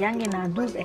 jàngi naa douze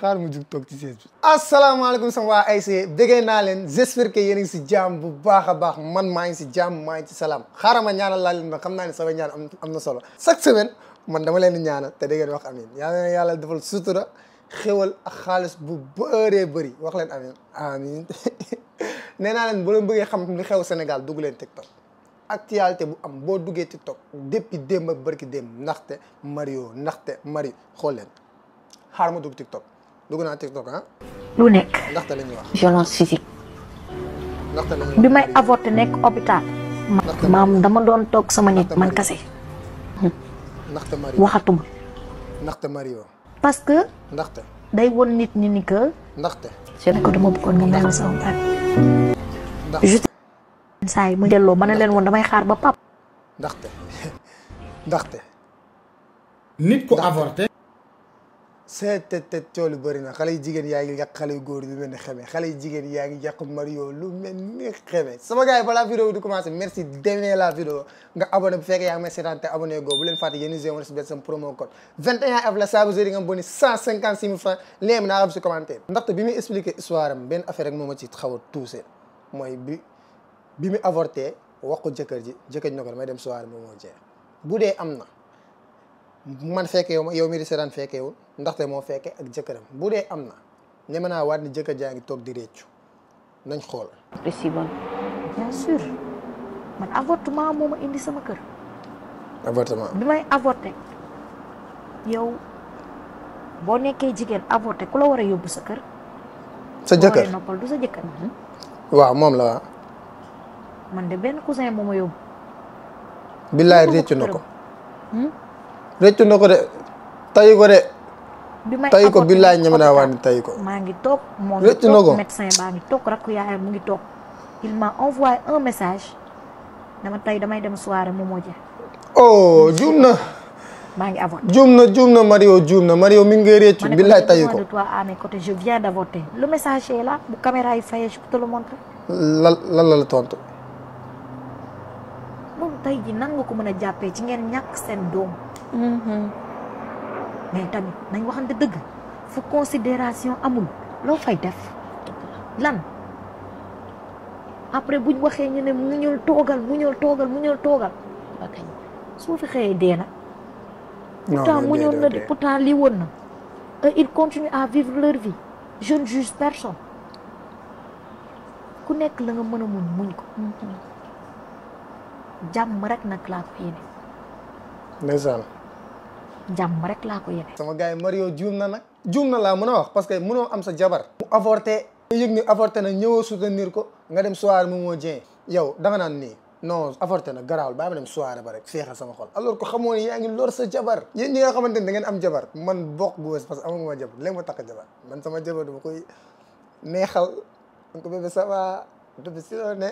xaar ma jug toog ci sees bi asalaamaaleykum sama waa ASC bëggee naa leen j'espère que yéen a si jaam bu baax a baax man maa ngi si jàmm maa ngi si salaam xaaral ma ñaanal laa leen xam naa ne sama ñaan am am na solo chaque semaine man dama leen di ñaanal te da ngeen wax amin yaana yàlla defal sutura xéwal a xaalis bu bëree bëri wax leen amin amin nee naa leen bu leen bëggee xam li xew Sénégal dugg leen TikTok actualité bu am boo duggee TikTok depuis démb ak barki démb ndaxte Mario ndaxte Mario xool leen xaar ma dugg TikTok dugg naa TikTok ah. lu nekk. ndaxte la ñuy wax violence physique. ndaxte la bi may avorté nekk hôpital. maam dama doon toog sama nit man kase. ndaxte Mario waxatuma. ndaxte Mario. parce que. ndaxte day won nit ñi ni que. ndaxte. je ne ko dama bëggoon nga mel sama papa. juste. saa yi mu delloo ma ne leen woon damay xaar ba pap ndaxte nit ku avorté. seet te coolu bëri na xale yu jigéen yaa ngi yàq xale yu góor yu mel ni xeme xale yu jigéen yaa ngi yàq Mario lu mel ni xeme sama gars yi balaa vidéo di commencé merci demee la vidéo nga abonné bu fekkee yaa ngi may seetaan te abonné goo bu leen fàtte yéen usé wala si benn sama promo code 21F la saabu zeri nga boni 156 000 francs lien bi naa xam si commentaire ndaxte bi muy expliqué histoire am benn affaire rek moo ma ci xaw a tuuse mooy bi bi mu avorté wax ko jëkkër ji jëkkër ji na ko damay dem soirée bi moo jeex bu dee am na man fekke yow ma yow mi di seetaan fekke yow ndaxte moo fekkee ak jëkkëram bu dee am na ñeme naa waat ni jëkkër jaa ngi toog di réccu nañ xool. si bon bien man avortement moo ma indi sama kër. bi may avorté yow boo nekkee jigéen avorté ku la war a yóbbu sa kër. sa jëkkër mhm. waaw moom la waaw. man de benn cousin moo ma yóbbu. billaay réccu na ko. Hmm? réccu na ko de tayu ko de. bi may tay ko billaay ñam naa wàññi tay ko. maa ngi toog moo ngi toog médecin baa ngi toog rakku yaayam mu ngi toog. il m'a envoyé un message dama tay damay dem soirée mu moo jeex. oh jumna na. maa ya, ngi avorté juum na Mario jumna Mario mi ngi réccu ya, billaay tay ko. ma ne ko de toi à mes côtés je viens d'avorter le message est ya là bu caméra yi fayee je peux te le montrer. lan la la tontu. moom tay ji ko mën a ci ngeen ñàkk seen doom. Mm-hmm. mais tamit nañ waxante deug fu considération amul lo fay def lan après buñ waxé ñu né mu ñul togal mu ñul togal mu ñul togal ba kañ fi xëyee déna na pourtant mu ñul na de pourtant li won na et ils continuent à vivre leur vie je ne juge personne ku nek la nga mëna a muñ muñ ko jam mhm. rek nag laa ko yéene ndeysaan jàmm rek laa ko sama gars yi Mario juum na nag juum na laa mën a parce que mënoo am sa jabar. mu avorté nga yëg ñëwoo soutenir ko nga dem soirée mu moo jeen yow danga naan nii non avorté na garaawul baa ma dem soirée rek feexal sama xol alors que xamoo yaa ngi lor sa jabar yéen nga xamante ne da am jabar man bokk bu wees parce que amaguma jabar léegi ma takk jabar man sama jabar dama koy neexal danga ko bébé ça va bébé si loo ne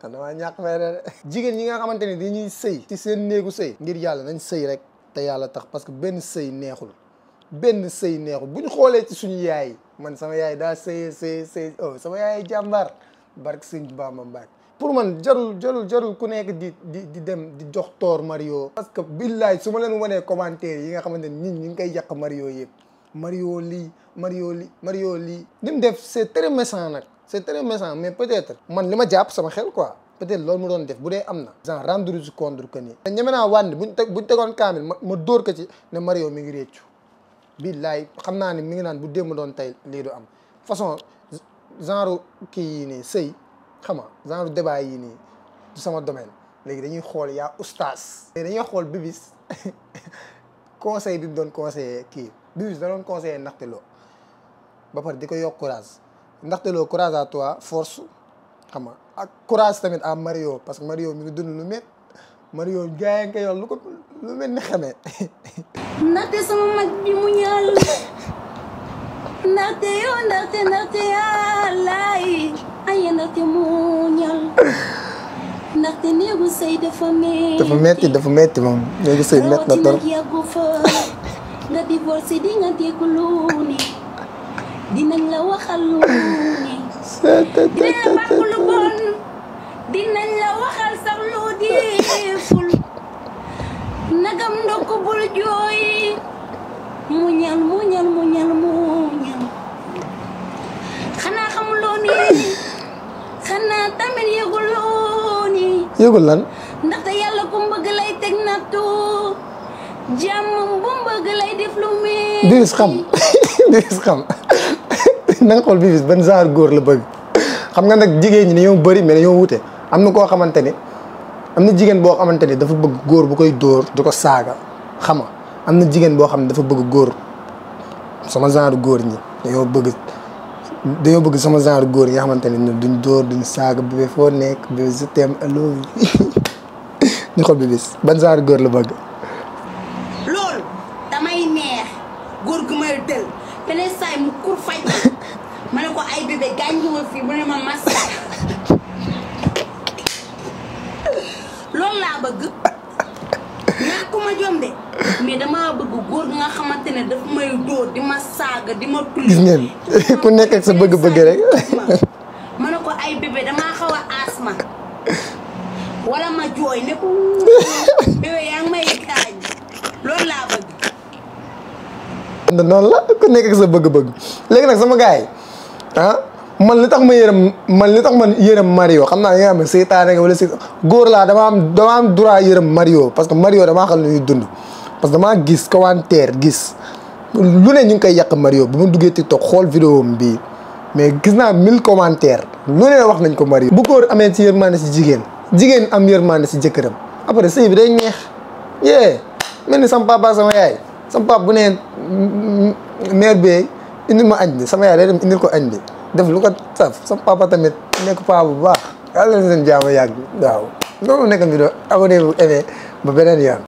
xanaa ñàkk fay de jigéen ñi nga xamante ne dañuy sëy ci seen néegu sëy ngir yàlla nañ sëy rek te yàlla tax parce que benn sëy neexul benn sëy neexul bu ñu xoolee ci suñu yaay man sama yaay daa sëy sëy sëy oh sama yaay jàmbaar barke sëñ Bamba Mbacke pour man jarul jarul jarul ku nekk di di di dem di jox toor Mario. parce que billaay su ma leen wanee commentaire yi nga xamante ni nit ñi ngi koy yàq Mario yëpp Mario lii Mario li Mario lii. li mu def c'est très méchant nag c'est très méchant mais peut-être man li ma jàpp sama xel quoi. peut-être loolu mu doon def bu dee am na genre rendre compte que ni ñeme naa wànni buñ teg buñ tegoon kaamil ma dóor ko ci ne Mario mi ngi réccu billaay xam naa ni mi ngi naan bu démb doon tey lii doo am façon genre kii yii nii sëy xam nga genre débat yii nii du sama domaine léegi dañuy xool yaa oustaz léegi dañuy xool bibis conseil bi mu doon conseiller kii bibis da doon conseiller ndaxte loo ba pare di ko yokk courage ndaxte loo courage à toi force xam nga ak courage tamit à Mario parce que Mario mi ngi dund lu met Mario gars nga yoll lu ko lu mel ni xamee. ndaxte sama mag bi mu ñal ñaal ndaxte yow ndaxte ya lay ay ndaxte mu ñaal ndaxte néegu sëy dafa metti. dafa metti dafa metti moom néegu sëy metti na trop. yàggu fa nga divorcé di nga dégg lu ne dinañ la waxal lu ne. mais lu bon dinañ la waxal sax loo deful nagam ndokk bul jooy muñal muñal muñal muñal xanaa xamuloo ni xanaa tamit yëguloo ni yëgul lan ndaxte yàlla ku mbëgg lay teg nattu jàmm bu mbëgg lay def lu mel diris xam diris xam na nga xool Vivis ban genre góor la bëgg xam nga nag jigéen ñi bari bëri mais dañoo wute am na koo xamante ni am na jigéen boo xamante ni dafa bëgg góor bu koy dóor di ko saaga xam nga am na jigéen boo xam ne dafa bëgg góor sama genre góor ñi dañoo bëgg bëgg sama genre góor yi xamante ne duñ dóor duñ saaga bébé foo nekk bébé je t'aime allo ban genre góor la bëgg. loolu damay neex góor gu may dël beneen saa mu kur fay. ma kok ko ay bébé gàññiwul mu ne ma masta loolu laa bëgg ñàkkuma jom de mais damaa bëgg góor nga xamante daf may di ma di ma tulli gis ngeen ku nekk ak sa bëgg-bëgg rek ma asma wala ma jooy ne ko bébé yang may gaañ loolu laa bëgg noonu la ku nekk ak sa bëgg-bëgg sama ah man li tax ma yërëm man li tax man yërëm Mario xam naa nga xam ne seytaane wala si góor dama am dama am droit yërëm Mario parce que Mario damaa xam ne ñuy dund parce que damaa gis commentaire gis lu ne ñu ngi koy yàq Mario bu ma duggee TikTok xool vidéo bi mais gis naa mille commentaires lu ne wax nañ ko Mario. bu góor amee ci yërmande si jigéen jigéen am yërmande si jëkkëram après sëy bi day ñeex yee mel ni sama papa sama yaay sama bu ne mère bi indil ma añ bi sama yaay day dem ko añ bi def lu ko saf papa tamit nekk paa bu baax yàlla na seen jaamu yàgg waaw loolu nekk bi doon abonné bu aimé ba beneen yoon